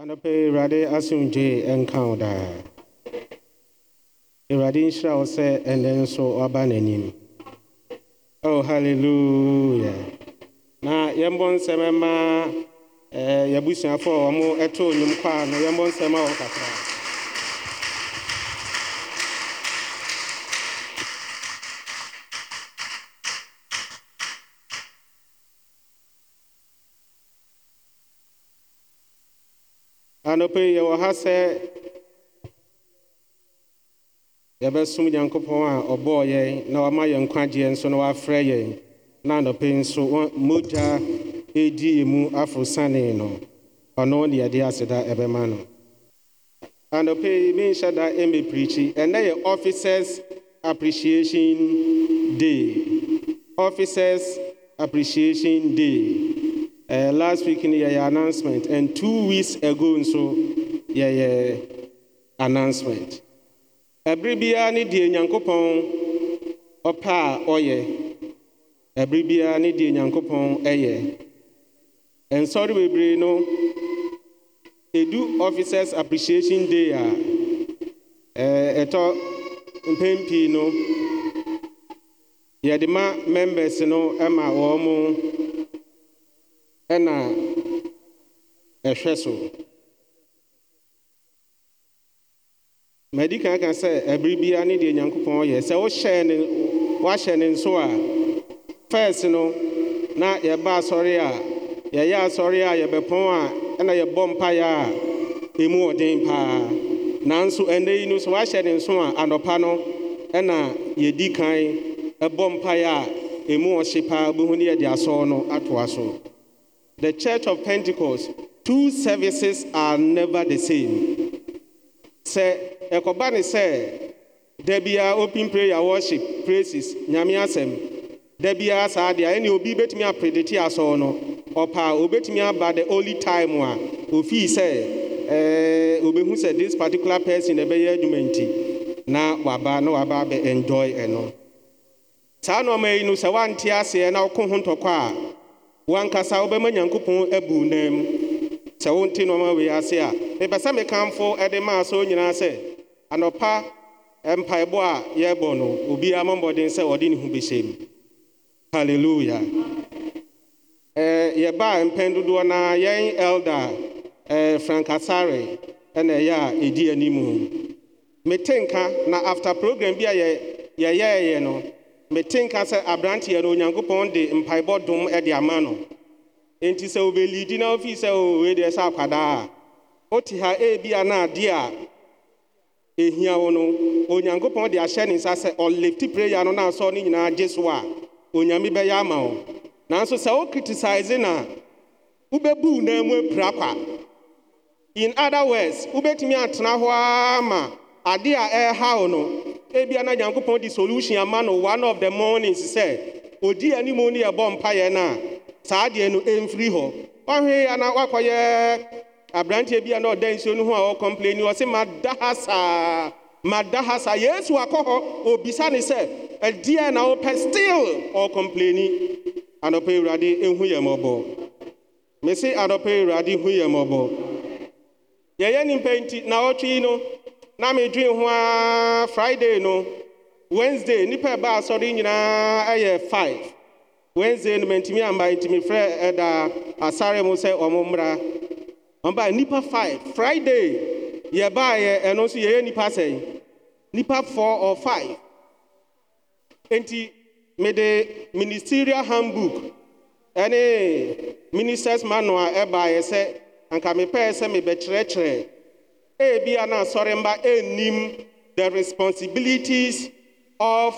I Anope Rade Asunji encounter. The Radin Shrao said, and then so abandoning. Oh, hallelujah. Na Yambon se eh, Yabusia for a more atonement, Yambon Sema or Catra. anɔpɛ yi yɛwɔ ha sɛ yɛbɛsom nyankopɔn a ɔbɔɔ yɛn na wama yɛn nkwagyeɛ nso na wafrɛ yɛn na anɔpɛ yi nso mogya ɛdi yɛ mu aforosane no ɔno ne yɛde aseda ɛbɛma no anɔpɛ yi menhyɛ da mmɛpirikyi ɛnɛ yɛ officers appreciation day officers appreciation day Uh, last week in yɛyɛ announcement and two weeks ago nso yɛyɛ announcement ɛbere biara ne deɛ nyankopɔn ɔpɛ a ɔyɛ ɛbere biara ne deɛ And sorry, we bebree no edu officers appreciation day a eh, ɛtɔ mpɛn pii no yɛde ma members no ma wɔn mo. ɛna ɛhwɛ so madi ka sɛ ɛbere biara ne deɛ nyankopɔn ɔyɛ sɛ wohyɛɛ ne wahyɛ ne nso a fɛs no na yɛba asɔre a yɛyɛ asɔre a yɛbɛpɔn a ɛna yɛbɔ mpaeɛ a ɛmu ɔden paa nanso ɛnɛ yi no sɛ wahyɛ ne nso a anɔpa no ɛna yɛdi kan ɛbɔ mpaeɛ a ɛmu ɔhye paa bɛhu ne yɛde asɔɔ no atoa so the church of pentecost two services are never the same sɛ ɛkɔba ne sɛ da biaa open prayer worship prases nyame asɛm da biaa saa adeɛ a ɛnne obi bɛtumi aprɛ de tiasɔ no ɔpɛa obɛtumi aba the oly time a ɔfii sɛ eh, obɛhu sɛ this particular person na ɛbɛyɛ aduma nti na waba na waba bɛ enjoy ɛno saa no ɔma yi no sɛ wonte aseɛ na woko ho ntɔkɔ a wankasa wobɛma nyankopɔn abu nam sɛ wonte nneɔma wei ase a mepɛ sɛ mekamfo de maa sɛ nyinaa sɛ anɔpa mpaebɔ a yɛrebɔ no obiara mmɔmmɔden sɛ ɔde ne ho bɛhyɛ mu halleluya eh, yɛbaa mpɛn dodoɔ na yɛn elda eh, frankasare na ɛyɛ a ɛdi animu mete nka na after program bi a yɛyɛɛyɛ no mete nka sɛ aberanteɛ no onyankopɔn de mpaebɔ dom de ama no enti sɛ obɛlidi na ofii sɛ owei deɛ sɛ akwadaa a wote ha ebi a na adeɛ a ehia wo no onyankopɔn de ahyɛ ne nsa sɛ ɔlifti prayer no na asɔ ne nyinaa gye so a onyame bɛyɛ ama wo nanso sɛ wo criticize na wobɛbu na mu apira kwa in other words wobɛtumi atena hɔ ara ma adeɛ a ɛreha wo no ebiana nyankopɔn de solution ama no one of the mornings sɛ odi anim ne ɛbɔ mpaeɛ no a saa deɛ no ɛmfiri hɔ ɔhwee ana wakɔyɛ aberanteɛ bi a na ɔda nsuo no ho a ɔkɔmpleni ɔse mada ha saa mada ha saa yesu akɔ hɔ obisa ne sɛ ɛdeɛ na wopɛ still ɔkɔmpleni anɔpɛ awurade ɛhu yɛ mmɔbɔ mese anɔpɛ awurade hu yɛ mmɔbɔ yɛyɛ nimpa nti na ɔtwe yi no na medwe ho a friday no wednesday nipa ɛba asɔre nyinaa ɛyɛ five wednesday no mantumi amba ntumi frɛ ɛda asare mu sɛ ɔmo mmra ɔmba nnipa five friday yɛbaeɛ ɛno nso yɛyɛ nnipa sɛn nnipa four or five enti mede ministerial handbook ɛne ministers manual ɛbaeɛ e sɛ anka mepɛɛ sɛ mebɛkyerɛkyerɛ Ebiana Soremba Enim, the responsibilities of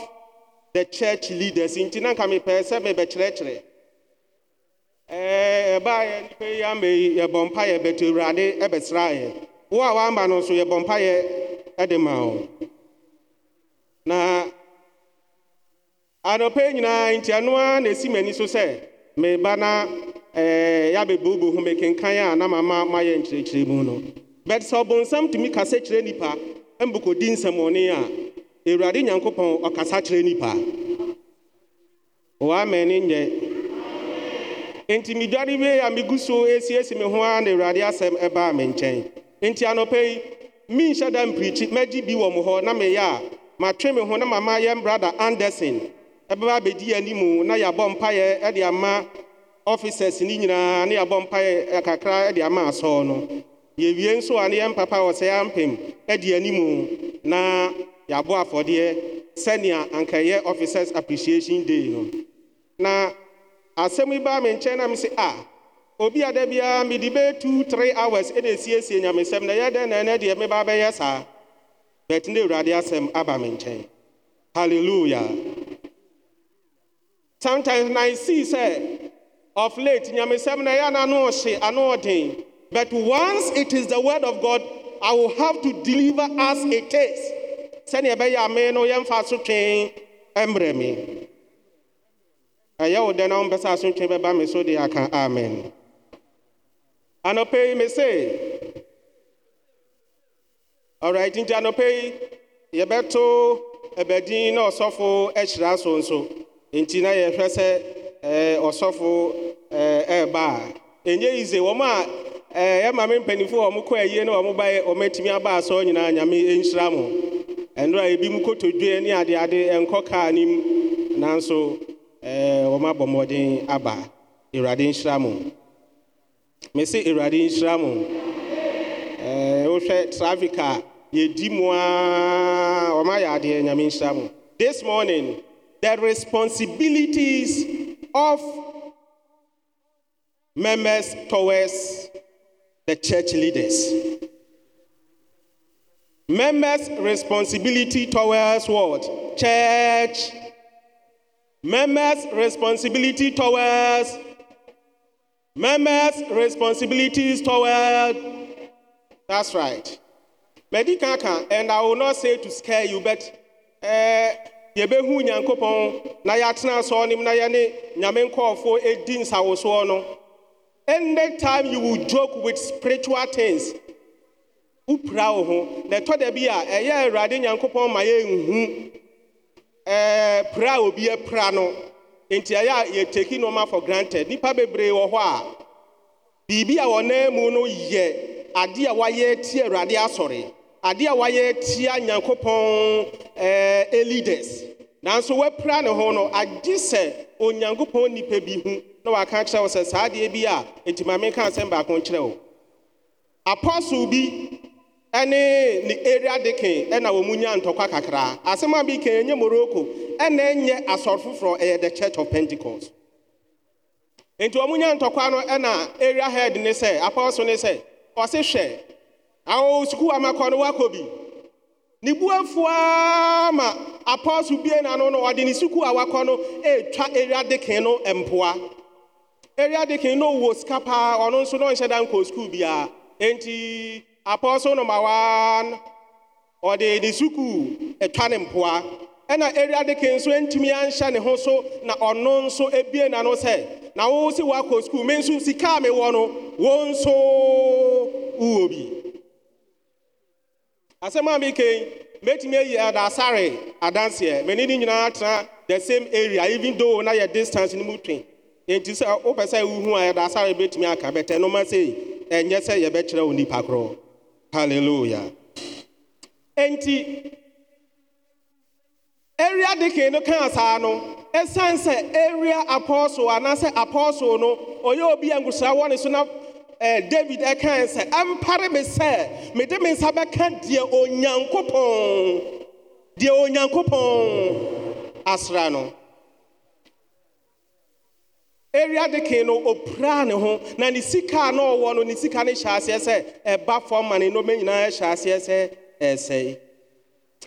the church leaders. Nti eh, e e na nka mepɛ sɛ mebɛkyerɛkyerɛ. Ɛbaa yɛ nipa yi ama yi yɛbɔ mpa yɛ bɛtɛ awurade ɛbɛsra yɛ. Wo a wamba no nso yɛbɔ mpa yɛ ɛde ma wo. Na anɔpɛ nyinaa nti ɛno ara na esi m'ani so sɛ meba na ɛɛ yabɛbubu ho mekenkan a na mama mayɛ nkyerɛkyerɛ mu no. bɛt sɛ ɔbonsam tumi kasa kyerɛ nipa mbokɔdi nsɛmɔne a awurade nyankopɔn ɔkasa kyerɛ nipa wɔamɛn ne nyɛ enti medware wiei a megu so ɛsiesi me ho a na awurade asɛm ɛbaa me nkyɛn enti anɔpɛ yi menhyɛ da mpirikyi mɛgye bi wɔ mo hɔ na meyɛ a matwe me ho na mama yɛn brada anderson ɛbɛba abɛdi yɛanimu na yɛabɔ mpaeɛ ɛde ama officers ne nyinaa na yɛabɔ mpaeɛ kakra ɛde ama asɔɔ no yɛwien nso a ne yɛmpa pa wɔ sɛ yɛampem adi animu na yɛabo afɔdeɛ sɛnea ankayɛ officers appreciation day no na asɛm ibaa me nkyɛn na m se ah, a obia da biara mede bɛɛ tu te hours nɛ siesie nyamesɛm na ɛyɛdɛn naɛ na adeɛ mebaa bɛyɛ saa bɛt nɛ wurade asɛm aba me nkyɛn halleluya somtimes nasii sɛ of late nyamesɛm na ɛyɛ na anoɔhye anoɔden But once it is the word of God, I will have to deliver as it is. Sɛnea ɛbɛyɛ a me no yɛmfa asotwe mmerɛ me. Ɛyɛ wo dɛ na wompɛ sɛ asotwe bɛba me so de aka amen. Anɔpɛ yi me se, alright nti anɔpɛ yi yɛbɛto ebedi na ɔsɔfo ahyira e so nso. Nti na yɛhwɛ eh, sɛ ɛɛ ɔsɔfo ɛɛ eh, ɛɛba e a. Ɛnyɛ yize ɛɛ ɛma me a wɔkɔ ayie na wɔbaeɛ wɔmatumi eh, aba asɔ nyinaa nyame ɛnhyira mo ɛnora ebi mu kotodwe ne adeade ɛnkɔ kaa ne mu nanso ɛɛ wɔn abɔ mmɔden aba awurade nhyira mo mesi awurade nhyira mo eh, ɛɛ wohwɛ traffic a yɛdi mu aa wɔn ayɛ adeɛ nyame nhyira mo this morning the responsibilities of members towards the church leaders. Members' responsibility towards what? Church. Members' responsibility towards. Members' responsibilities towards. That's right. Medical can, and I will not say to scare you, but eh, yɛbɛhu nyankopɔn na yɛatena asɔɔ nim na yɛne nyame nkɔɔfoɔ ɛdi nsawosoɔ no any time you will joke with spiritual things wopira wo ho na ɛtɔ da bi a ɛyɛ awurade nyankopɔn ma yɛnhu ɛɛ pra obi pra no nti ɛyɛ a yɛteki nneɛma for granted nipa bebree wɔ hɔ a biribi a wɔnan mu no yɛ adeɛ a wɔayɛ ti awurade asɔre adeɛ a wɔayɛ tia nyankopɔn ɛɛ leaders nanso wɔapra ne ho no agye sɛ onyankopɔn nipa bi ho. na waka kyerɛ wo sɛ saa adeɛ bi a enti ma meka asɛm baako nkyerɛ wo apostle bi ɛne ne area deacon ɛna wɔn mu nya ntɔkwa kakra asɛm a bi ka enye morocco ɛna enye asɔr foforɔ ɛyɛ the church of pentecost nti wɔn mu nya ntɔkwa no ɛna area head ne sɛ apostle ne sɛ ɔsi hwɛ awo sukuu amakɔ no wakɔ bi ne bu afua ma apostle bie na no ɔde ne sukuu awakɔ no etwa area deacon no mpoa. area deacon no wɔ sika paa nso na ɔnhyɛ dan kɔ sukuu biara enti apɔso noma one ɔde ne sukuu atwa ne mpoa ɛna area deacon nso ntumi anhyɛ ne ho so na ɔno nso ebie n'ano sɛ na wɔn si wɔakɔ sukuu me nso sika a mewɔ no wɔn nso wɔ bi asɛm a mekɛn mɛtumi ayi ɛda asare adanseɛ mɛni ne nyinaa tena the same area even though na yɛ distance no mu twen enti sɛ wopɛ sɛ wohu a yɛda asa yɛbɛtumi aka bɛtɛ noma sei ɛnyɛ sɛ yɛbɛkyerɛ wo nnipa korɔ halleluya enti area deacon no kaa saa no ɛsiane sɛ area apostle anaasɛ apostle no ɔyɛ obi a nkosua wɔ ne so na david ɛkae sɛ ɛmpare me sɛ mede me nsa bɛka deɛ onyankopɔn deɛ onyankopɔn asra no area deke no ɔpira ne ho na ne sika na ɔwɔ no ne sika no ịba aseɛ sɛ ɛba fam ma na nnɔma nyinaa hyɛ aseɛ sɛ ɛsɛe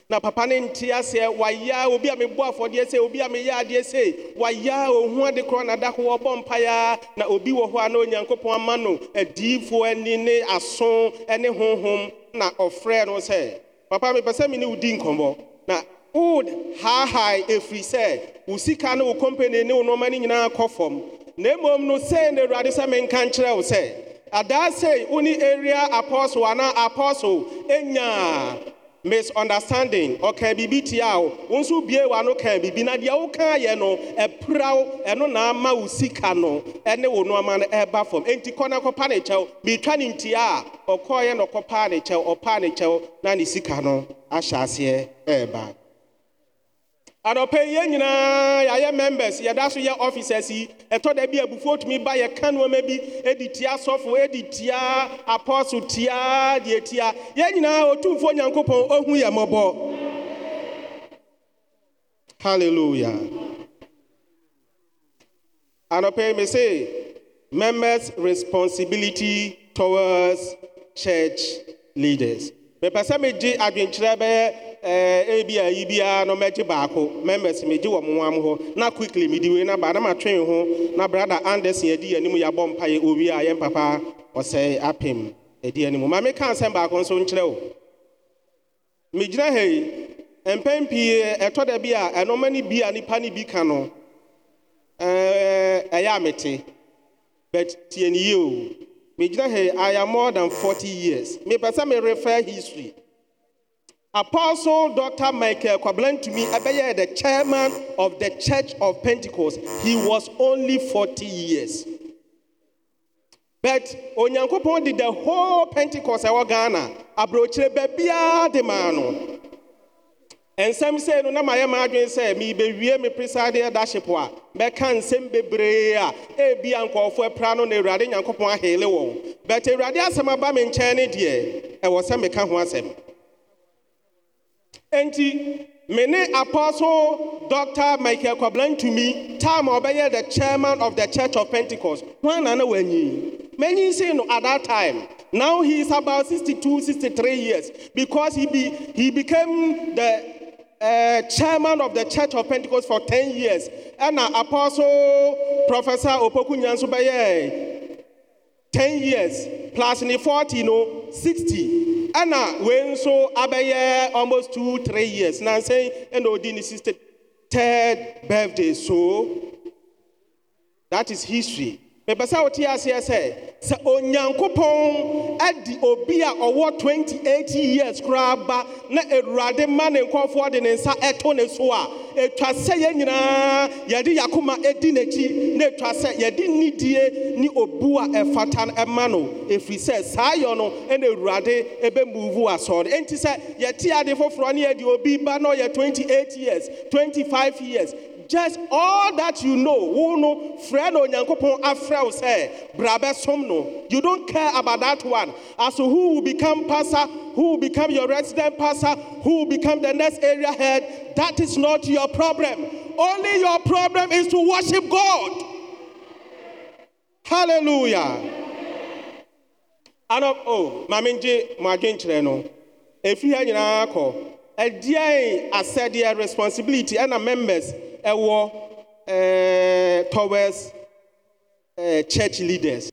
na papa ne nte aseɛ wayɛ obi a mebɔ afɔdeɛ sɛ obi a meyɛ adeɛ sɛ wayɛ ɔhu ade korɔ na da hɔ ɔbɔ mpaya na obi wɔ hɔ a na onyankopɔn ama no adiyifoɔ ani ne aso ne honhom na ɔfrɛ no sɛ papa mepɛ sɛ me ne wodi nkɔmmɔ na wod haahae ɛfiri sɛ wo sika ne wo company ne wo nnoɔma no nyinaa kɔ fam na mmom no sei na awurade sɛ menka nkyerɛ wo sɛ adaa sei wo ne area apostle anaa apostle ɛnyaa misunderstanding ɔkaa biribi tia wo wo nso bie wa no kaa biribi na deɛ wokaa yɛ no ɛperaw ɛno na ama wo sika no ɛne wo nnoɔma no ɛreba fam enti kɔ na kɔpa ne kyɛw meretwa ne ntia a ɔkɔɔyɛ na ɔkɔpaa ne kyɛw ɔpaa ne kyɛw na ne sika no ahyɛ aseɛ ɛreba anɔpɛ yi yɛn nyinaa yɛayɛ members yɛda so yɛ officers yi ɛtɔ da bi abufuo tumi ba yɛka nneɛma bi edi tia sɔfo edi tia apostle tia deɛ tia yɛn nyinaa otumfuo nyankopɔn ohu yɛ mɔbɔ hallelujah anɔpɛ yi mi sɛ members responsibility towards church leaders mepɛ sɛ di adwenkyerɛ bɛyɛ. Eh, ebia yi biara no mɛgye baako members megye wɔ mo wam hɔ na quickly mede wei naba na matwe ho na brada anderson adi yɛ anim yɛabɔ mpaeɛ owie a yɛn papa ɔsɛe apem adi anim maame meka nsɛm baako nso nkyerɛ wo megyina ha yi mpɛn pii ɛtɔ da bi a ɛnɔma no bi a nnipa no bi ka no eh, ɛyɛ a mete but tie ne yie o megyina ha yi i am more than 40 years mepɛ sɛ me refer history Apostle Dr. Michael Kwablentumi Abeye, the chairman of the Church of Pentecost, he was only 40 years. But Onyankopon did the whole Pentecost ɛwɔ Ghana aburokyire baabiara de Mano. And some sɛ no na ma yɛ maa adwene sɛ me presiding leadership a mɛka nsɛm bebree a ebi a nkɔɔfo apra no na Awurade Nyankopɔn ahele wɔn. But Awurade asɛm aba me nkyɛn ne deɛ ɛwɔ sɛ meka ho asɛm. Enti, mene Apostle Doctor Michael Kwablan to me, time obey the chairman of the Church of Pentecost. One and when Many say no at that time. Now he is about sixty-two, sixty-three years because he, be, he became the uh, chairman of the Church of Pentecost for ten years. And Apostle Professor Opoku Nyansubaye 10 years plus in the 40 or 60 ɛna wei nso abɛyɛ almost 2 3 years and ɛna ɔdi ne third birthday so that is history mepɛsɛ wote aseɛ sɛ sɛ onyankopɔn adi obi a ɔwɔ 28 years koraa ba na awurade ma ne nkɔfoɔ de ne nsa ɛto ne so a ɛtwa sɛ yɛn nyinaa yɛde yakoma ɛdi n'akyi na ɛtwa sɛ yɛde nidie ne obu a ɛfata ɛma no ɛfiri sɛ saa yɔ no ɛna awurade ɛbɛmuvu asɔre enti sɛ yɛte ade foforɔ ne yɛde obi ba na ɔyɛ 28 years 25 years just all that you know wo no frɛ no onyankopɔn afrɛ say, sɛ brabɛsom no you don't care about that one as to who will become pastor who will become your resident pastor who will become the next area head that is not your problem only your problem is to worship god hallelujah um, Oh, anɔ o maame ngye mo adwenkyerɛ no efiri ha nyinaa kɔ ɛdeɛn asɛdeɛ responsibility and ɛna members ɛwɔ ɛɛ towards ɛɛ church leaders.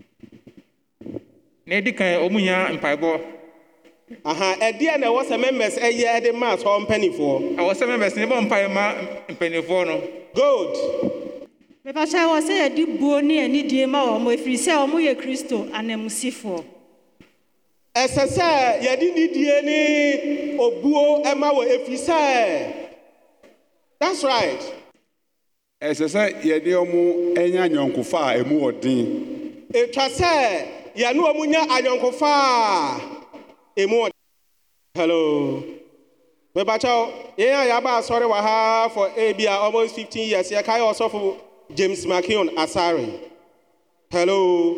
na edi kan wɔn nyinaa mpaebɔ. aha ɛdeɛ na ɛwɔ sɛ members ɛyɛ ɛde maa sɔ mpanimfoɔ. ɛwɔ sɛ members ne bɔ mpae ma mpanimfoɔ no. Gold. mepasa wɔ sɛ yɛde buo ne anidie ma wɔn efiri sɛ wɔn yɛ kristo anamsifoɔ. ɛsɛ sɛ yɛde nidie ni obuo ma wɔ efiri sɛ that's right. ɛsɛ sɛ yɛde ɔmo nya anyɔnkofa a ɛmu wɔ den ɛtwa sɛ yɛne ɔmo nya anyɔnkofa a ɛmu wɔ hello mebakyɛw yɛn a yɛaba asɔre wɔ ha for ebi a almost 15 years yɛka yɛ ɔsɔfo james mckeon asare hello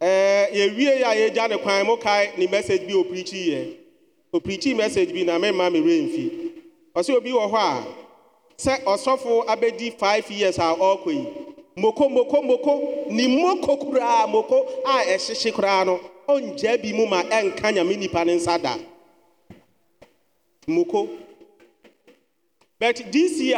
ɛɛ yɛwie a yɛgya ne kwan mo kae ne message bi opirikyi yɛ opirikyi message bi na mɛma me remfi ɔsɛ obi wɔ hɔ a sɛ ɔsɔfo abɛdi five years a ɔrekɔ yi moko moko moko ne moko koraa moko a ɛhyehye koraa no ɔngyaa bi mu ma ɛnka eh, nyame nipa ne nsa da moko but this year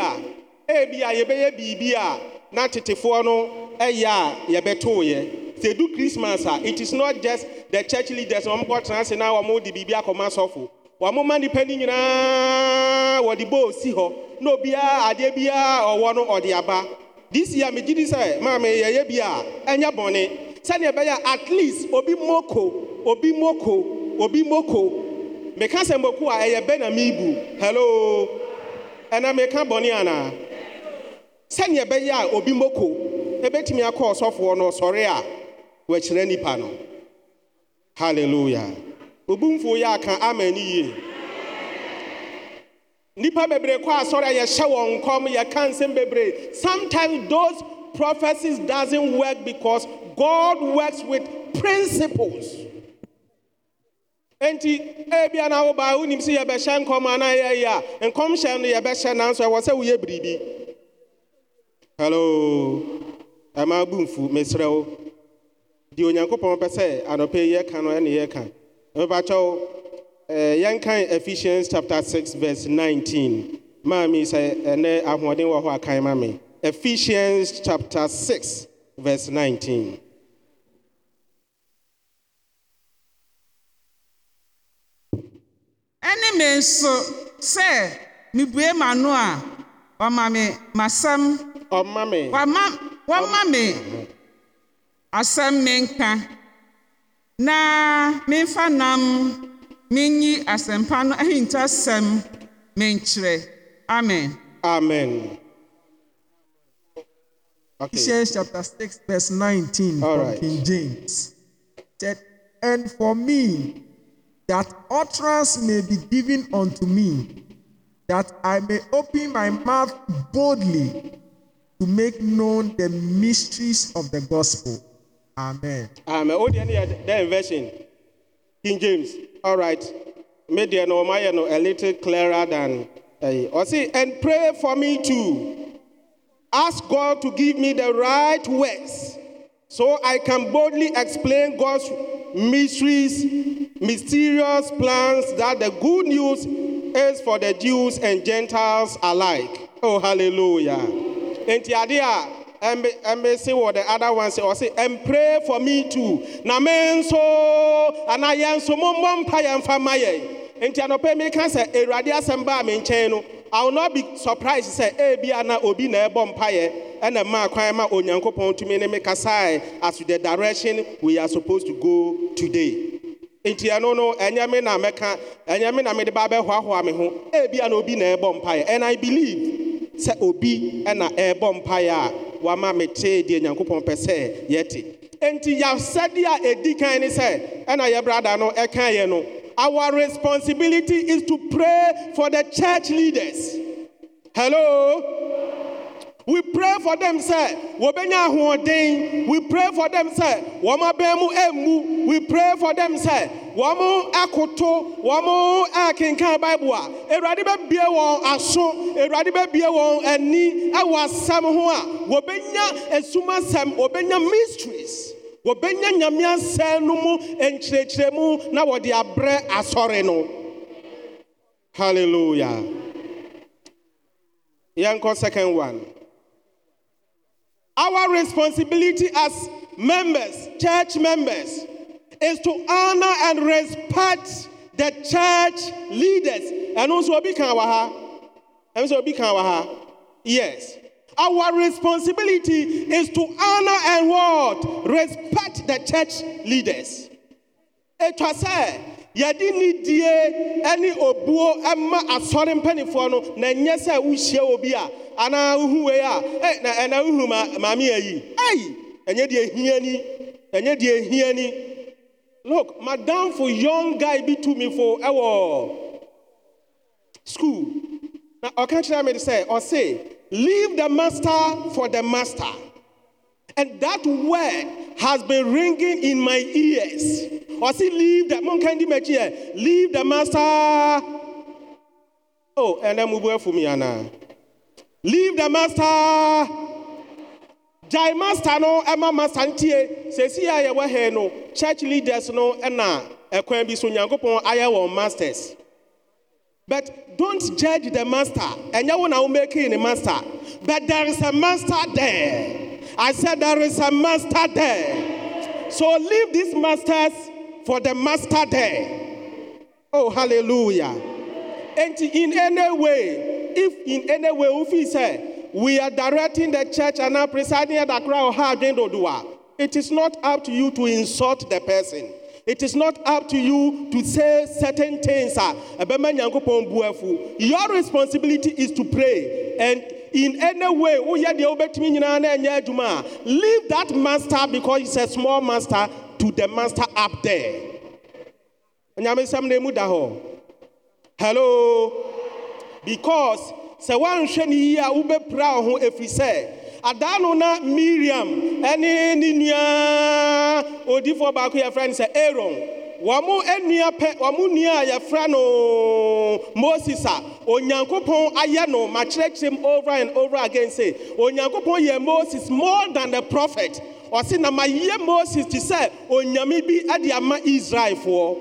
ebi eh, a yɛbɛyɛ biribi a na tetefoɔ no ɛyɛ a yɛbɛtooyɛ sɛ edu christmas a ah. it is not just the church leaders na wɔn kɔ tena ase na wɔn de biribi akɔma sɔfo wɔn ma nipa ne nyinaa. wɔde bowl si hɔ na obiara adeɛ biara ɔwɔ no ɔde aba this year megye di sɛ maame yɛyɛ bi a ɛnyɛ bɔne sɛdeɛ ɛbɛyɛ at least obi moko obi moko obi moko meka sɛ moko a ɛyɛ bɛ na meebu hello ɛna meka bɔne anaa sɛdeɛ ɛbɛyɛ a obi moko ɛbɛtumi akɔ ɔsɔfoɔ no ɔsɔre a wɔakyerɛ nnipa no hallelujah obumfuo yɛ aka amen yie nipa kɔ asɔre a yɛhyɛ wɔn nkɔm yɛka nsɛm sometimes those prophecies doesn't work because god works with principles enti ebia na wo baa wonim sɛ yɛbɛhyɛ nkɔm anaa yɛyɛ a nkɔmhyɛ no yɛbɛhyɛ nanso ɛwɔ sɛ woyɛ biribi hello ɛma abumfu mesrɛ wo deɛ onyankopɔn pɛ sɛ anɔpɛ yɛka no Eh, yɛnkan ephesians chapter six verse nineteen. maame sɛ ɛnɛ ahoɔden wɔ hɔ akan ma me ephesians chapter six verse nineteen. ɛne me nso sɛ mebue m'ano a ɔma me m'asɛm ɔma me wɔma me asɛm menka na memfa nam menyi asɛmpa no ahintasɛm menkyerɛ amen amen okay. Ephesians chapter 6 verse 19 from right. King James said and for me that utterance may be given unto me that I may open my mouth boldly to make known the mysteries of the gospel amen amen oh dear, dear version King James all right. Media no my no a little clearer than I eh, oh, see and pray for me too. Ask God to give me the right words so I can boldly explain God's mysteries, mysterious plans that the good news is for the Jews and Gentiles alike. Oh, hallelujah. And And ɛmbɛsi what the other one sɛ ɔsi and pray for me too na me nso ana yɛn nso mo mbɔ mpa yɛn fa ma yɛn nti anɔpɛ mi ka sɛ awurade asɛm baa mi nkyɛn no i will not be surprised sɛ ebi ana obi na ɛbɔ mpa yɛn ɛna mmaa kwan ma onyankopɔn tumi ne mi kasaɛ as to the direction we are supposed to go today. nti ɛno no ɛnyɛ me na mɛka ɛnyɛ me na mede ba bɛhoahoa me ho ebia na obi na ɛbɔ mpaeɛ and i believe sɛ obi na ɛbɔ mpaeɛ a wama me tee deɛ nyankopɔn a ɛdi kan ne sɛ no our responsibility is to pray for the church leaders hello we pray for them, sir. Wobenya ahoɔden. We pray for them, sir. Wɔn abɛn mu emu. We pray for them, sir. Wɔn akoto. Wɔn akenkan Bible a. Awurade bɛ bie wɔn aso. Awurade bɛ bie wɔn ani ɛwɔ asɛm ho a. Wobenya esumasɛm. Wobenya mysteries. Wobenya nyamia sɛn no mu nkyerɛkyerɛ mu na wɔde abrɛ asɔre no. Hallelujah. Yɛnkɔ second one. Our responsibility as members, church members, is to honor and respect the church leaders. And also, yes. Our responsibility is to honor and what? Respect the church leaders. It was said. yɛde nnedie ɛne obuo ɛma asɔre mpanifoɔ no naɛnyɛ sɛ wohyia wɔ bi a anaa wuhuuei a na ɛnaa hohruu mame a yi i anyɛ deɛhian anyɛ deɛ hia ni look madamfo young guy bi to mifo ɛwɔ scuul na ɔka kyerɛ mede sɛ ɔse leave the master for the master And that word has been ringing in my ears. Or see, leave the monk, Monkendi Mechie, leave the master. Oh, and then move for me, Anna. Leave the master. Jai master no, Emma master ntie. See, aye wa here no, church leaders no, ena ekwen bi so nyankopon aye won masters. But don't judge the master. And you will now make him a master. But there is a master there. I said, There is a master there. So leave these masters for the master there. Oh, hallelujah. And in any way, if in any way, if he say, we are directing the church and are presiding at Accra or Hardin Odua, it is not up to you to insult the person. It is not up to you to say certain things. Ah. Your responsibility is to pray and in any way woyɛ deɛ wobɛtumi nyinaa na ɛnyɛ adwuma a leave that master because it's a small master to the master up there onyamesɛm na emu da hɔ hello because sɛ woanhwɛ no yie a wobɛpira wo ho ɛfiri sɛ adaa no na miriam ɛne ne nua odifoɔ baako yɛfrɛ no sɛ aaron wɔn nua pɛ wɔn nua a yɛfrɛ no moses a onyankopɔn ayɛ no makyerɛkyerɛ mu over and over again say onyankopɔn yɛ moses more than the prophet ɔsi na ma yie moses ti sɛ onyame bi ɛde ama israelfoɔ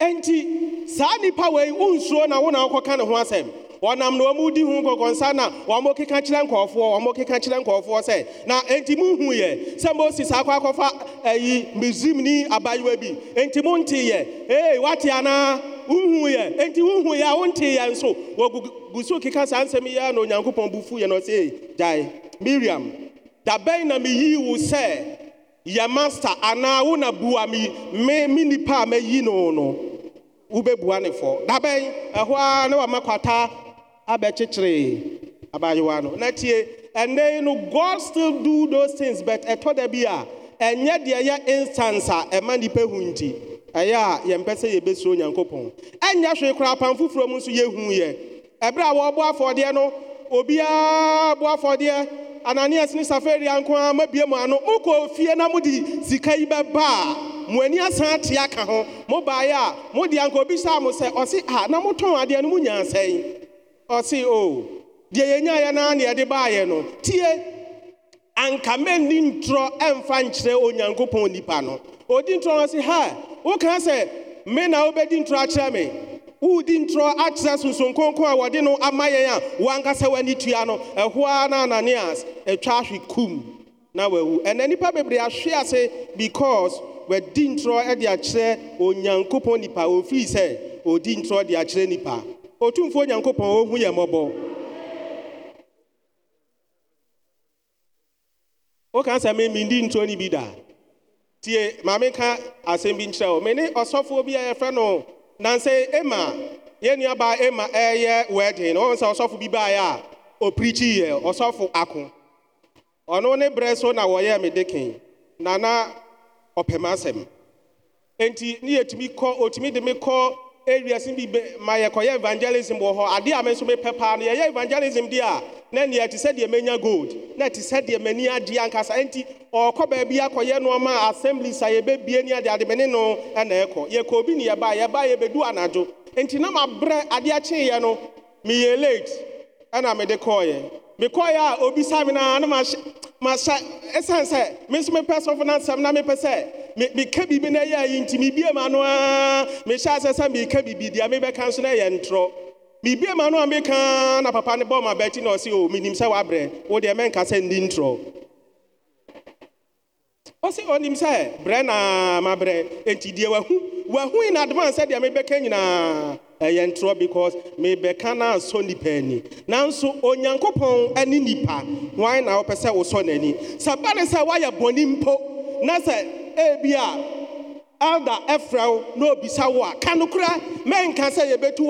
ɛnti saa nipa wei nsuro na wɔn na wɔkɔka ne ho asɛm. wɔnam na wɔmudi hu nkɔkɔnsa na wɔn keka kyerɛ nkɔɔfoɔ wɔn keka kyerɛ nkɔɔfoɔ sɛ na enti muhu yɛ sɛ si saa akɔ akɔfa ɛyi eh, mizim ni abayewa bi enti monte yɛ ee eh, wate anaa wohu yɛ enti wohu yɛ a wonte yɛ nso wɔgu so keka saa nsɛm yi ara na onyankopɔn bu fu yɛ na ɔsɛ gyae miriam dabɛn na meyii wo sɛ yɛ master anaa wo na bua me me me nipa a mayi no no wobɛbua ne fɔ dabɛn ɛhɔ ara ne wama kwata abɛkyekyere abaayewa no na tie ɛnna yi no god still do those things but ɛtɔ da bi a ɛnyɛ deɛ ɛyɛ instance a ɛma nipa hu nti ɛyɛ a yɛmpɛ sɛ yɛbɛsuro nyankopɔn ɛnyɛ hwee koraa pan foforɔ mu nso yɛhu yɛ ɛberɛ a wɔrebɔ afɔdeɛ no obiara bɔ afɔdeɛ ananias ne safaria nko ara mabie mu ano wokɔ fie na di sika yi bɛba a mo ani asan ateɛ aka ho mobaeɛ a mode anka obi saa mo sɛ ɔse a na motɔn adeɛ no munya asɛe ɔse o deɛ yɛnya yɛnaa nea ɛde baaeɛ no tie anka mɛni ntorɔ ɛmfa nkyerɛ onyankopɔn nnipa no ɔdi ntrɔ ho se ha wokaa sɛ me na wobɛdi ntrɔ akyerɛ me woredi ntorɔ akyerɛ sunsom kɔnkɔn a wɔde no ama yɛn a wanka sɛ wani tua no ɛho ara na ananias ɛtwa ahwe kum na wawu ɛna nnipa bebree ahwe ase because wadi ntorɔ ɛde akyerɛ onyankopɔn nipa ofii sɛ ɔdi ntorɔ ade akyerɛ nnipa otu otumfuo onyankopɔn ɔhu yɛ mmɔbɔ woka sɛ me mendi ntuo ne bi da tie maame ka asɛm bi nkyerɛ wo me ne bi a yɛfrɛ no nansɛ ema yɛn nuabaa ema ɛyɛ wedding na wɔn sɛ ɔsɔfo bi baeɛ a ɔpirikyi yɛ ɔsɔfo ako ɔno ne berɛ so na wɔyɛ me deken na na eti asɛm enti ne kɔ otumi de me kɔ ariase bi b ma yɛkɔyɛ evangelism wɔ hɔ adeɛ a me nso mepɛ paa no yɛyɛ evangelism deɛ a nanea ate sɛdeɛ 'anya gold na ɛte sɛdeɛ 'ani ade ankasa enti ɔɔkɔ baabi akɔyɛ noɔmaa assemblie s a yɛbɛbie ni ade ade mene no ɛnaɛkɔ yɛkɔbi ne yɛbayɛba yɛbɛdu anado enti na mabrɛ adeɛ kyeeeɛ no meyɛ let ɛna mede kɔɔyɛ me kɔɔ yɛ a obisa mena n yɛ sne sɛ me nso mepɛ sɔfo na nsɛm na mepɛ sɛ meka biribi no ɛyɛ ayi nti mebie ma no a mehyɛ asɛ sɛ meka biribi deɛ mebɛka nso no ɛyɛ ntorɔ mebie ma no a meka na papa no bɔɔ ma bɛkyi na ɔse o oh, menim sɛ woabrɛ wo deɛ mɛnka sɛ nni ntorɔ ɔse ɔnim sɛ brɛ na mabrɛ enti deɛ wahu wahu in advance sɛdeɛ mebɛka nyinaa ɛyɛ ntorɔ because mebɛka no asɔ nnipa ani nanso onyankopɔn ne nnipa wan na wopɛ sɛ wosɔ n'ani sɛ ba na sɛ ebi a elda ɛfrɛ wo no kora mɛnka sɛ yɛbɛtu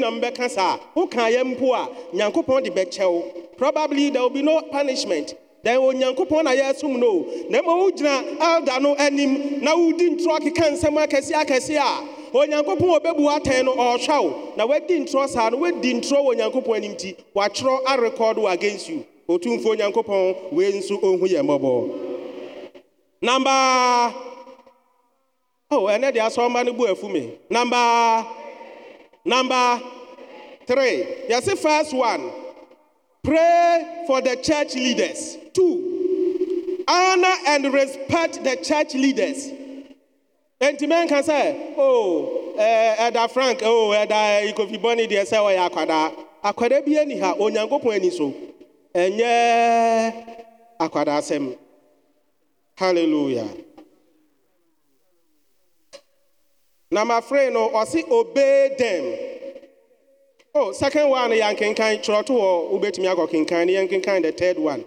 na mbɛka saa woka mpo a nyankopɔn de bɛkyɛ probably there will be no punishment then na no na na o wogyina elda no anim na wodi ntorɔ akeka nsɛm akɛseɛ a onyankopɔn ɔbɛbu atɛn no na woadi ntorɔ saa no nm oh, ɛnɛ de asɔmba no bo afu me nm namba th yɛse first one pray for the church leaders tw onor and respect the church leaders enti mɛnka sɛ o oh, ɛda eh, frank o oh, ɛda ikofibɔne deɛ sɛ ɔyɛ akwadaa akwadaa bi aniha onyankopɔn ani so ɛnyɛ akwadaa sɛm halelua namafre no ɔse obee dem seon 1 no yɛnkenkan kyerɛto wɔ wobɛtumi akɔkenkan no yɛ nkenkan the tird oe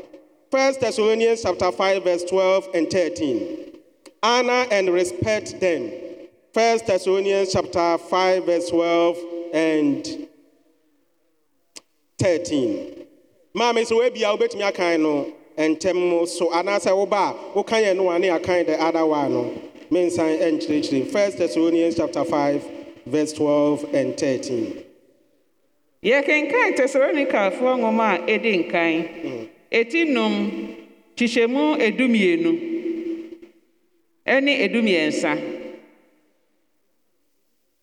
1s thessalnians 5 v12 13 onor and respect dem 1 thesalonians c5:v12 13 maa mɛ sɛ wabia wobɛtumi akan no ntɛm mu so anaasɛ woba a woka yɛ no one akan the other one no mensan nkyerɛkyerɛ 1 thessalonians chapter 5 verse 12 and 13 yɛkenkan tesalonikafoɔ nwoma a ɛdi nkan ɛti mm. nom kyehyɛmu edumienu ɛne edumiɛnsa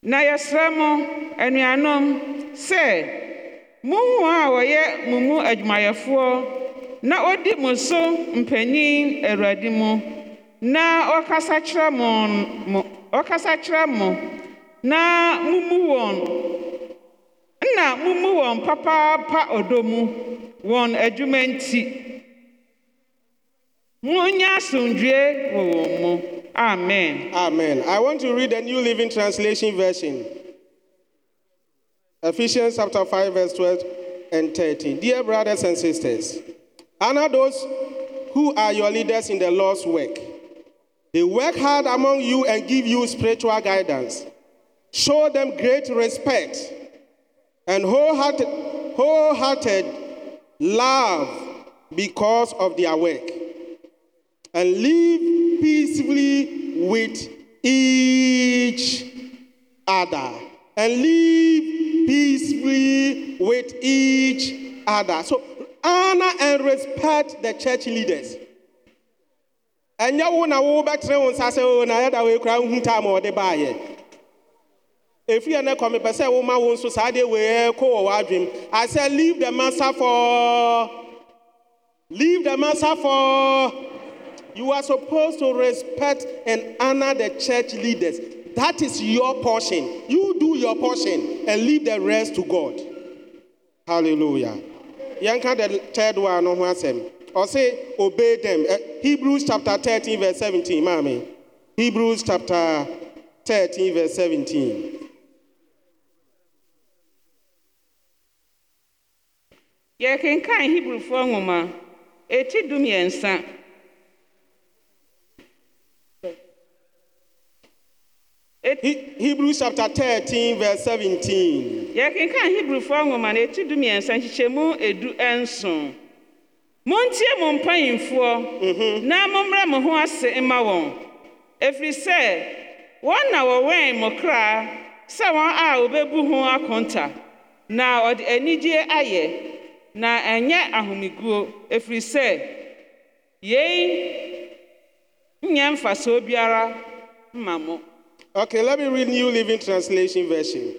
na yɛsrɛ mo anuanom sɛ mo a wɔyɛ mo mu adwumayɛfoɔ na odi mo so mpanyin Awurade mu na ɔkasa kyerɛ mo ɔkasa kyerɛ na mumu wɔn na mumu wɔn papaapa ɔdɔ mu wɔn adwuma nti monnya asomdwoe wɔ wɔn mu amen amen i want to read the new living translation version ephesians chapter 5 verse twelve and 13 dear brothers and sisters Honor those who are your leaders in the Lord's work. They work hard among you and give you spiritual guidance. Show them great respect and wholehearted, wholehearted love because of their work. And live peacefully with each other. And live peacefully with each other. So honor and respect the church leaders. And you ɛnyɛ wo na wobɛtene wo nsa sɛ o na yɛda wei kora wohu taa ma ɔde baayɛ If you are not coming, woma wo nso saa deɛ wei ɛkɔ wɔ w'adwem i said, leave the master for leave the master for you are supposed to respect and honor the church leaders that is your portion you do your portion and leave the rest to god hallelujah yɛnka the third one no ho asɛm ɔse obey them eh, hebrews chapter thirteen verse seventeen, maame hebrews chapter thirteen verse 17 yɛkenkan hebrifoɔ nwoma ɛti dum yɛnsa Hebrews chapter 13 verse 17. Yɛkenkan Hebrifoɔ nwoma na ɛti du mmiɛnsa nhyehyɛmu edu nson. Montie mo mpanyimfoɔ na mommrɛ mo ho mm-hmm. ase mma wɔn. Ɛfiri sɛ, wɔn na wɔwɛn mo kra sɛ wɔn a wɔbɛbu ho akonta. Na ọdị anigye ayɛ, na ɛnyɛ ahomeguo, ɛfiri sɛ, yei nyɛ mfasoɔ biara mma mo. Okay, let me read New Living Translation version.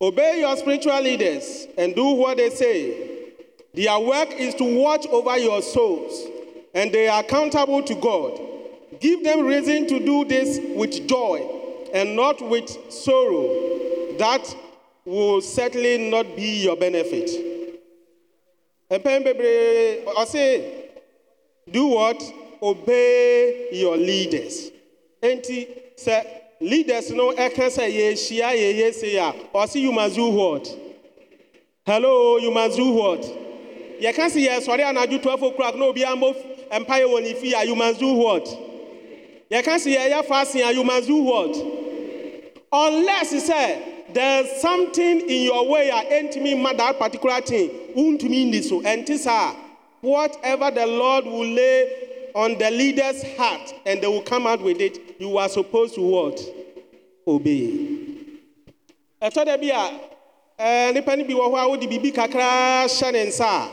Obey your spiritual leaders and do what they say. Their work is to watch over your souls, and they are accountable to God. Give them reason to do this with joy and not with sorrow. That will certainly not be your benefit. I say, do what? Obey your leaders sɛ leaders no I can say yes, sɛ yɛhyia yes, yeah. Or see you must do what hello you must do what You can't yɛka sɛ yɛsɔre do 12 o'clock No, be ambɔ mpaeɛ wɔ ne fie a you must do what You yɛka sɛ yɛyɛ fasting you must do what unless sɛ there's something in your way a ɛntumi mma that particular thing Won't mean this. so ɛnte saa whatever the lord will lay on the leader's heart and they will come out with it you are supposed to what obey ɛtɔ da bi a nipa no bi wɔ hɔ a wode biribi kakra hyɛ ne nsa a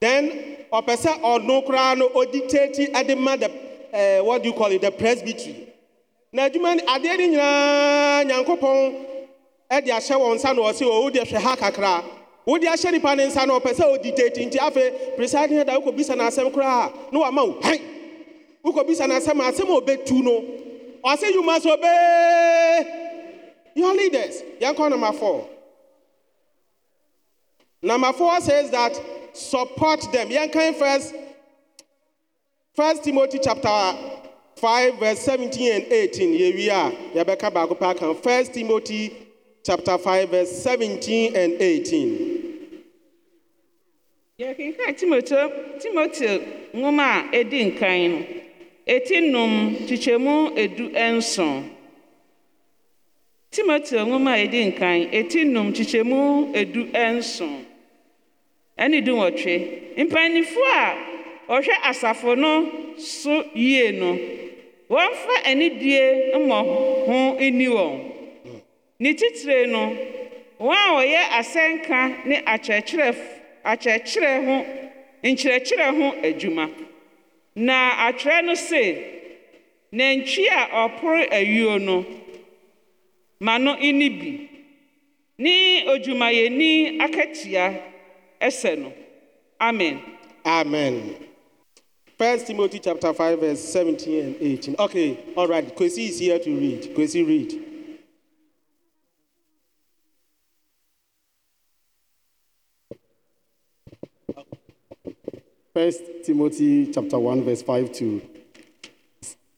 then ɔpɛ sɛ ɔno koraa no ɔdi teti ɛde ma the uh, what do you call it the presbytery na adwuma adeɛ no nyinaa nyankopɔn ɛde ahyɛ wɔn nsa na ɔse ɔwo deɛ hwɛ ha kakra wode ahyɛ nipa ne nsa na ɔpɛ sɛ ɔdi teti nti afei presiding head a wokɔbisa no asɛm koraa na wama wo hann wokbisnosɛm asɛm obɛtu no ɔsɛ yoma sɛ obee your leaders yɛnkɔ numb 4 numbe f says that suppɔrt them yɛnkan s fis timoty chapte 5 v7 a 18 yɛwie a yɛbɛka baako paakan fs timoty chapte 5 v17 a 18 yɛka ti timoty woma a ɛdi nkan no eti num kyekyɛmu edu nson timoteo nwoma a yɛdi nkan eti num kyekyɛmu edu nson ɛne du nwɔtwe mpanyinfoɔ a wɔhwɛ asafo no so yie no wɔmfa anidie mmɔ ho nni wɔn ne titire no wɔn a wɔyɛ asɛnka ne akyerɛkyerɛ akyerɛkyerɛ ho nkyerɛkyerɛ ho adwuma. Na atwerɛ no se, “Nantwi a ọpụrụ ayuo no, ma no nni bi, ne odwumayɛni akatua ɛsɛ no.” Amen. Amen. First Timothy chapter 5, verse 17 18. Okay, all right. Kwesi is here to read. Kwesị read. First Timothy chapter 1, verse 5 to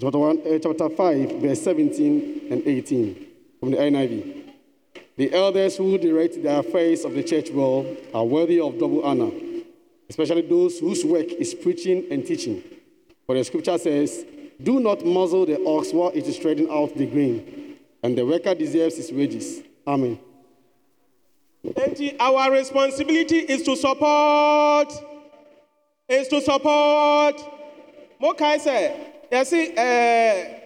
chapter, one, uh, chapter 5, verse 17 and 18 from the NIV. The elders who direct the affairs of the church world are worthy of double honor, especially those whose work is preaching and teaching. For the scripture says, Do not muzzle the ox while it is treading out the grain, and the worker deserves his wages. Amen. Our responsibility is to support is to support Mokaise. You see, uh,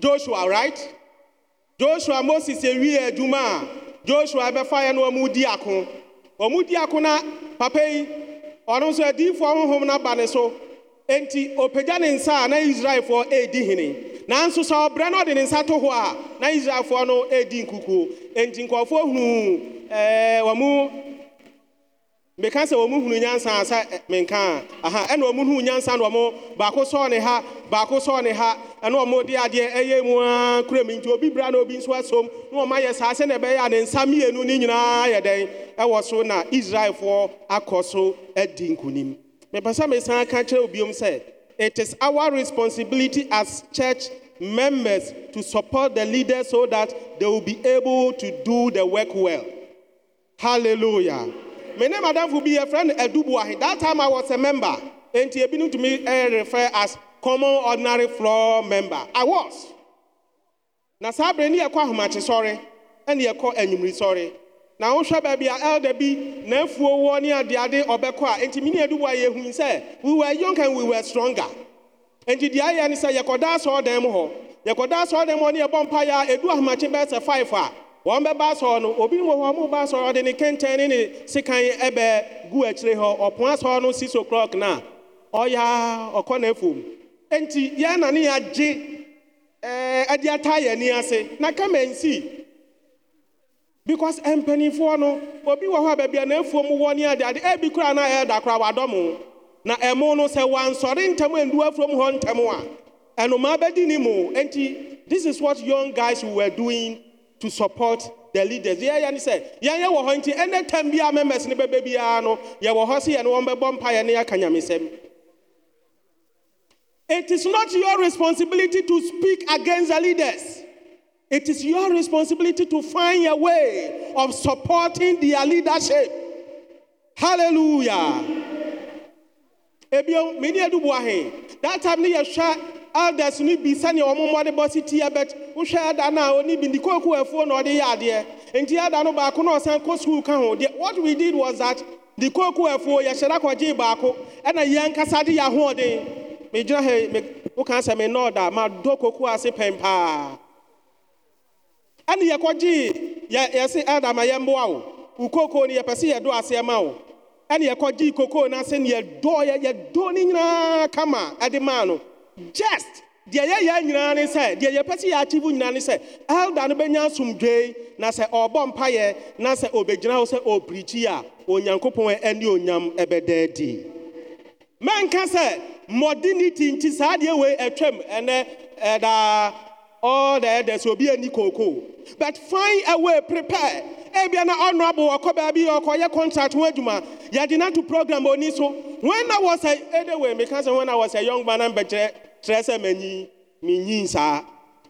Joshua, right? Joshua Moses ewie adwuma a Joshua bɛfa ya na ɔmu di ako ɔmu di ako na papa yi ɔno nso adiifoɔ ahohom na ba ne so enti opagya ne nsa a na Israelfoɔ edi hene nanso sɛ ɔbrɛ no ɔde ne nsa to hɔ a na Israelfoɔ no edi nkukuo enti nkɔfoɔ huu ɛɛ eh, ɔmu. meka sɛ wɔn hunu nyansa sɛ eh, menka aha ɛna wɔn hunu nyansa na wɔn baako sɔɔ ne ha baako sɔɔ ne ha ɛna wɔn de adeɛ ɛyɛ mu aa kura mu nti obi bra na obi nso ɛsom na wɔn ayɛ saa sɛ na ɛbɛyɛ a ne nsa mmienu ne nyinaa yɛ dɛn ɛwɔ so na israelfoɔ akɔ so ɛdi nkunim mepɛ sɛ mesan ka kyerɛ obiom sɛ it is our responsibility as church members to support the leaders so that they will be able to do the work well hallelujah. me ne madamfo bi yɛfrɛ no adubuahe that time i was a member enti ebinom tumi eh, refer as common ordinary floor member i was na saa bere ne yɛkɔ ahomakye sɔre ɛne yɛkɔ anwummere sɔre na wohwɛ baabi a elder bi na afuo wɔ ne adeade ɔbɛkɔ a enti mene adubua yɛhu sɛ we were young and we were stronger enti deɛ ayɛ ne sɛ yɛkɔda asɔɔdan mu hɔ yɛkɔda asɔɔdan mu hɔ ne yɛbɔ mpaeɛ a ɛdu ahomakye bɛɛ five a wɔn bɛba asɔɔ no obi wɔ hɔ ɔmo ba asɔɔ ɔde ne kɛntɛn ne ne sekan ɛbɛ gu akyire hɔ ɔpon asɔɔ no six o'clock na ɔya ɔkɔ n'efom enti yɛn na ne yagye ɛɛ ɛdi ata yɛn ni ase na kama nsi because mpanyinfoɔ no obi wɔ hɔ a baabi a n'efom wɔ ne ade ade ebi kura na yɛ dakora wadɔm na ɛmo no sɛ wansɔre ntɛm ndu afurom hɔ ntɛm a ɛnoma bɛdi ne mu enti this is what young guys were doing. to support the leaders. yeah, yɛn sɛ Yeah, yeah, we're hunting. Any time we are members ne be biara no we're hɔ si yɛn wɔn bɛbɔ mpa yɛn ne yɛka nyamesɛm. It is not your responsibility to speak against the leaders. It is your responsibility to find a way of supporting their leadership. Hallelujah. That time ni yɛ hwɛ. elders no bi sɛnea ɔmommɔde bɔ se tia bet wohwɛ ɛda no a ɔni na ɔde yɛ adeɛ enti ɛda no baako na ɔsan kɔ sukuu ka ho deɛ what we did was that the efuo yɛhyɛ da kɔgyee baako ɛna yɛn nkasa de yɛ ahoɔden megyina ha woka sɛ me nɔɔda do kokuo ase pɛn paa ɛne yɛkɔgyee yɛse ɛda ma yɛmboa wo wo kookoo yɛpɛ sɛ yɛdɔ aseɛ ma wo ɛne yɛkɔgyee kokoo no ase ne nyinaa kama ɛde maa no just deɛ yɛyɛ nyinaa ne sɛ deɛ yɛpɛ sɛ yɛ akyiifo nyina ne sɛ elda no bɛnya nsomdwoi na sɛ ɔbɔ mpayɛ na sɛ obɛgyina hɔ sɛ ɔpirikyi a onyankopɔn ɛ ane onyam ɛbɛdaa dii mɛnka sɛ mmɔdenne ti nti saa deɛ ɛwei ɛtwam ɛnɛ ɛdaa ɔldaɛdɛ sɛ obi ani kookoo but fain awa prepare bia na ɔnɔ abo ɔkɔ baabi ɔkɔ ɔyɛ contract ho adwuma yɛde nato programm oni so ha na wɔ sɛ ɛde wei meka sɛ hɔna wɔ sɛ yɔngoma na mbɛkyerɛ kyerɛ sɛ manyi menyin saa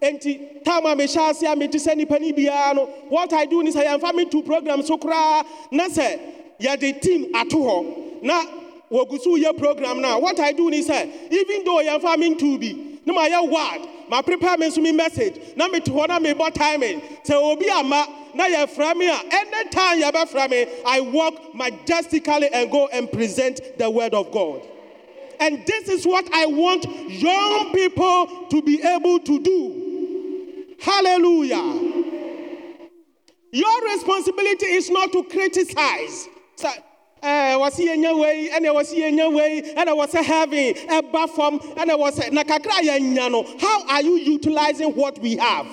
enti time a mehyɛ ase a mete sɛ nnipa no biara no what i do ne sɛ yɛmfa me to program so koraa na sɛ yɛde team ato hɔ na wɔgu so yɛ program no a what i do ne sɛ even though yɛmfa me nto bi na mayɛ word maprepare me nso me message na mete hɔ na mebɔ timing sɛ obi ama na yɛfrɛ me a anytime yɛbɛfrɛ me i walk majestically and go and present the word of god and this is what I want young people to be able to do. Hallelujah. Your responsibility is not to criticize. Eh, was he in your way? And I was in your way, and I was a heavy, a bathroom, and I was a nakakraya. How are you utilizing what we have?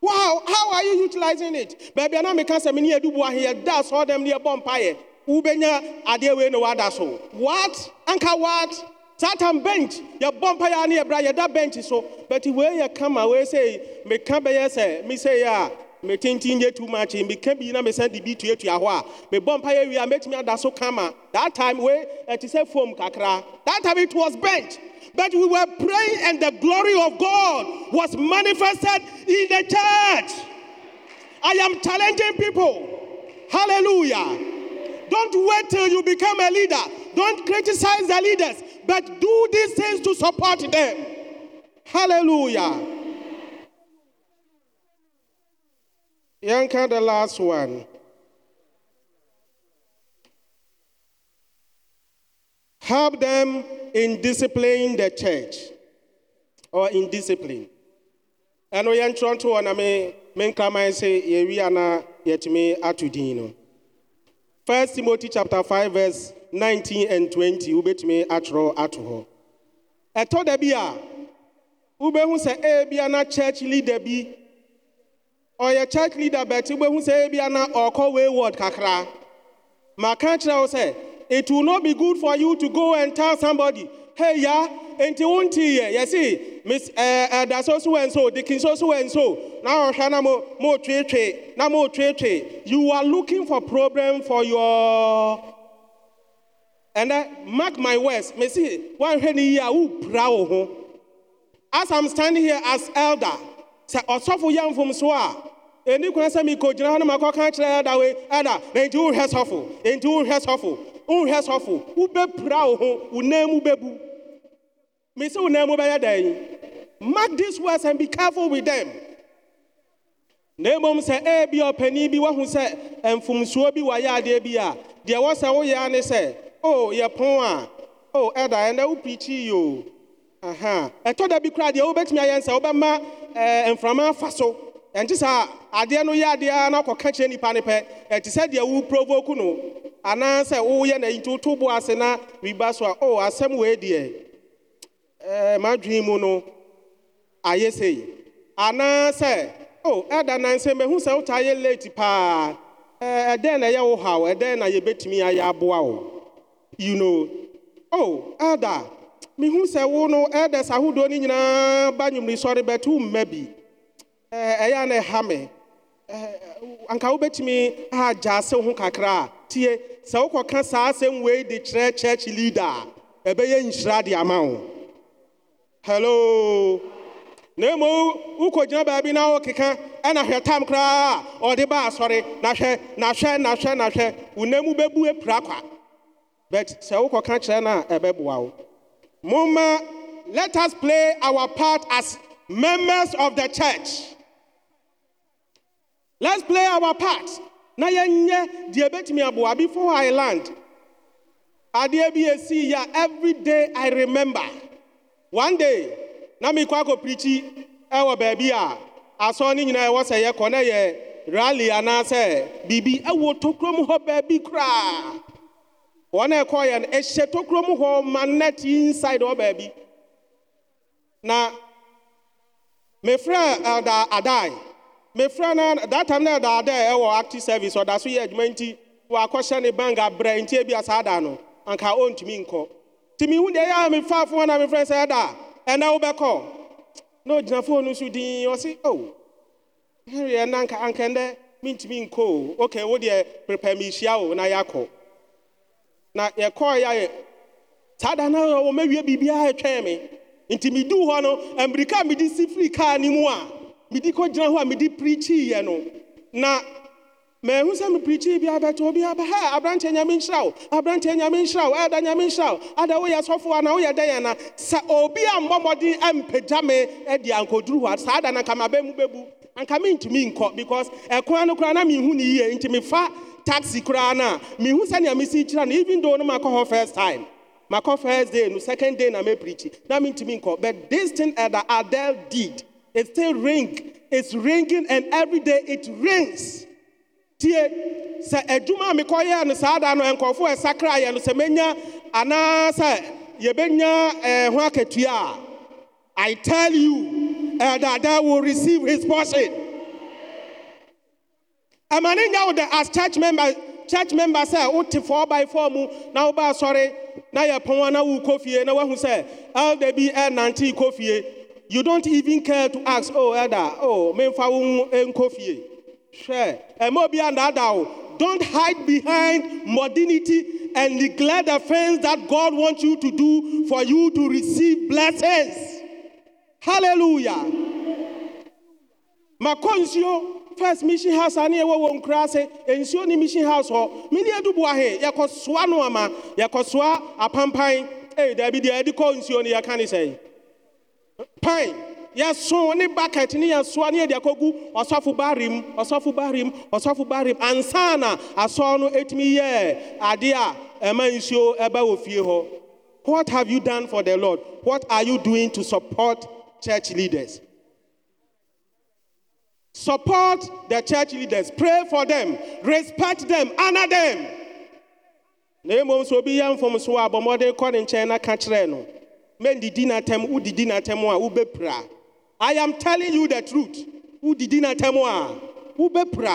Wow, how are you utilizing it? Baby, I'm a cancer, I'm here, do what here, that's all them near bonfire wobɛnya adeɛ wei na wada so what anka what satan bench yɛbɔ mpa ya ne ya yɛda bench so but wei yɛ kama wei sɛ meka bɛyɛ sɛ mesɛi a metintin yɛ too much meka bi na mesɛ de bi ya hɔ me mebɔ ya we wie make me ada so kama that time we it is a form kakra that time it was bench but we were praying and the glory of god was manifested in the church i am challenging people hallelujah don't wait till you become a leader. Don't criticize the leaders, but do these things to support them. Hallelujah. Yanka, the last one. Help them in disciplining the church or in discipline. ɛno yɛntwerɛ nto hɔ na menkraman sɛ yɛwi anaa yɛtumi ato din no 1 Timothy chapter 5 verse 19 and 20 Ubet me atro hɔ ɛtɔ da Ube a wobɛhu ebia na church leader bi ɔyɛ church leader bɛte wobɛhu sɛ ebia na wayward kakra Ma kanchra wo sɛ it will not be good for you to go and tell somebody hey ya enti wontiiɛ yɛsi miss ɛɛ eh, ɛda eh, so so wɛn so dikin so so and so na ɔhwɛ na mo mo twetwe na mo twetwe you are looking for problem for your ɛnɛ eh, mark my words mesi wɔnhwɛ ni yie a wopra wo ho as i'm standing here as elder sɛ ɔsɔfo yɛ nfom so a ɛni kwan sɛ mikogyina hɔ no ma kɔka kyerɛ ɛda wei ɛda enti wohwɛ sɔfo enti wohwɛ sɔfo wohwɛ sɔfo wobɛpra wo ho wo nan mu bɛbu. mi sɛ wo na mu bɛyɛ dan mak dis woasam bi carful wit dem na mmom sɛ ɛbia ɔpanin bi woahu sɛ mfomsuɔ bi wayɛ adeɛ bi a deɛ wɔ sɛ woyɛ a ne sɛ o yɛpon a ɛda ɛnɛ wopikyii yoo ɛtɔ da bi kora deɛ wobɛtumi ayɛ sɛ wobɛma mframa afa so ɛnti sɛa adeɛ no yɛ adeɛa na kɔka kyerɛ nnipa no pɛ ɛti sɛ deɛ woprovoku no anaasɛ woyɛ noyitowo tow boɔ ase na wiba so a o asɛm we ɛdiɛ ɛɛ eh, madwene mu no ayɛ sei anaasɛ o ɛda nansa mehu sɛ wota ayɛ late paa eh, ɛdɛn na ɛyɛ wo haw ɛdɛn na yɛbɛtumi ayɛ aboa wo you know o ɛda mehu sɛ wo no ɛda sa ahodoɔ no nyinaa ba bɛto mma bi eh, ɛyɛ na ɛha me anka wobɛtumi agya ase ho kakra a tie sɛ wokɔka saa asɛm wei de kyerɛ church leader a ɛbɛyɛ nhyira de ama wo hello nemo mmom wokɔgyina baabi na wokeka ɛna hwɛ tam koraa a ɔde baa asɔre na hwɛ na hwɛ na hwɛ na hwɛ wo nam mu bɛbu but se wokɔka kan no a ɛbɛboa wo let us play our part as members of the church let's play our part na yenye deɛ ɛbɛtumi aboa before i land adeɛ bi ɛsii yɛ every day i remember One day, na mi kwa ko preachi ɛwɔ e baabi a asɔn ne nyinaa ɛwɔ e sɛ yɛ kɔ ne yɛ rally anaasɛ biribi ɛwɔ e tokurom hɔ baabi koraa wɔn a ɛkɔ yɛ no ɛhyɛ tokurom hɔ ma net inside hɔ baabi na mefrɛ ɛda eh, adae mefrɛ no that time na ɛda adae ɛwɔ active service ɔda so yɛ adwuma nti wakɔhyɛ ne bank abrɛ nti ebi asaa da no anka ɔntumi nkɔ. nti mehu ya ɛyɛ fa mefaafoɔ na mefrɛ sɛ ɛda a ɛnɛ wobɛkɔ na ogyinafoɔ no so din ɔse o oh. hereɛ na ankɛndɛ mentumi nkɔ o ok wo deɛ prepɛ mehyia o na yɛakɔ na yɛkɔɔ yɛayɛ saa da na wɔmawie biribiara ɛtwɛn me nti meduu hɔ no mmirika a mede si firi kaa no mu a medi kɔgyina hɔ a mede pirikyiiɛ no na ma ehu sɛ mepirikyi bi abɛto obi aba ha aberanteɛ nyame nhyira eh, wo aberanteɛ nyame nhyira wo ada nyame nhyira wo ada woyɛ sɔfo ana woyɛ dɛ yɛn na sɛ obi ammɔ mmɔden ampagya eh, me adi eh, ankɔduru hɔ saa da no anka mabɛ mu bɛbu anka mentumi nkɔ because ɛkoa no koraa na menhu ne yie nti mefa taxi koraa no a menhu sɛnea mesi kyira no even though no makɔ hɔ first time makɔ first day no second day na mepirikyi na mentumi nkɔ but this thing that Adele did it still ring it's ringing and every day it rings tie sɛ adwuma a no saa da no a no sɛ yɛbɛnya eh, ho akatua a i tell you eh, that da will receive his portion ɛma ne nya wo de as church member church member sɛ eh, wote four by four mu na woba asɔre na yɛ pɔn na wokɔ fie na woahu sɛ elda bi ɛnante kɔ fie you don't even care to ask oh elder. oh memfa wo nkɔ fie hwɛ ɛma obianaada wo don't hide behind modenity and niglar the thins that god want you to do for you to receive blessins halleluya ma kɔ nsuo first mission house a ne ɛwɔ wɔ nkoraa se nsuo ne mission house hɔ mene adu boahe yɛkɔsoa no ama yɛkɔsoa apanpan e daa bi deɛ ɛde kɔ nsuo no yɛka ne hyɛ paie yɛso ne bucket ne yɛsoa ne yɛde akogu, ɔsɔfo barim ɔsɔfo barim ɔsɔfo barim ansa na asɔ no ɛtumi yɛɛ adeɛ a ɛma what have you done for the lord what are you doing to support church leaders support the church leaders pray for them respect them honor them na mmom sɛ obi yɛ mfomsoɔ a bɔmmɔden kɔ ne nkyɛn na ka kyerɛ no mɛndidi n'atɛm wodidi n'atɛm a iamtellin you the trut wodidi notm a wobɛpra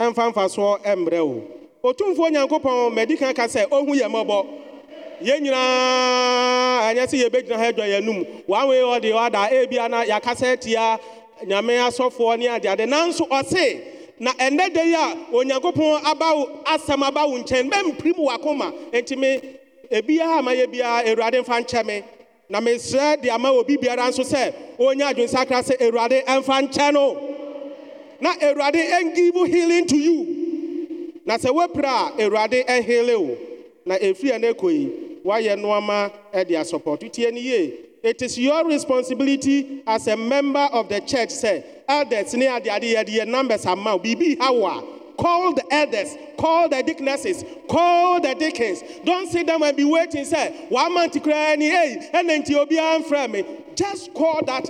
ɛmfamfasoɔ mmrɛ o ɔtmfoɔ nyankopɔn 'adi ka ka sɛ ɔhu yɛ mɔbɔ yɛyinaa ɛnyɛ sɛ yɛbɛgyina ha adwa yɛ nom a ɛ ɔde ada bin yɛakasa atia nyame asɔfoɔ ne adeade nanso ɔse na ɛnnɛ deyi a onyankopɔn abo asɛm aba wo nkyɛn mɛmpirim wako ma ntim biara ma yɛbiaa wurade mfa nkyɛme na mesrɛ de ama obi biara nso sɛ ɔnya adwensakra sɛ awurade ɛmfa nkyɛ no na awurade ɛngivu healing to you na sɛ woapira a awurade ɛhele wo na ɛfiri ɛno ɛkɔ yi wayɛ nnoɔma ɛde asɔpɔto tie no yie it is your responsibility as a member of the church sɛ elders ne adeade yɛde yɛ numbers ama wo biribi ha wo a Call the elders. Call the deaconesses. Call the deacons. Don't sit down and be waiting. Say, one man to cry, hey, and then to be friend me. Just call that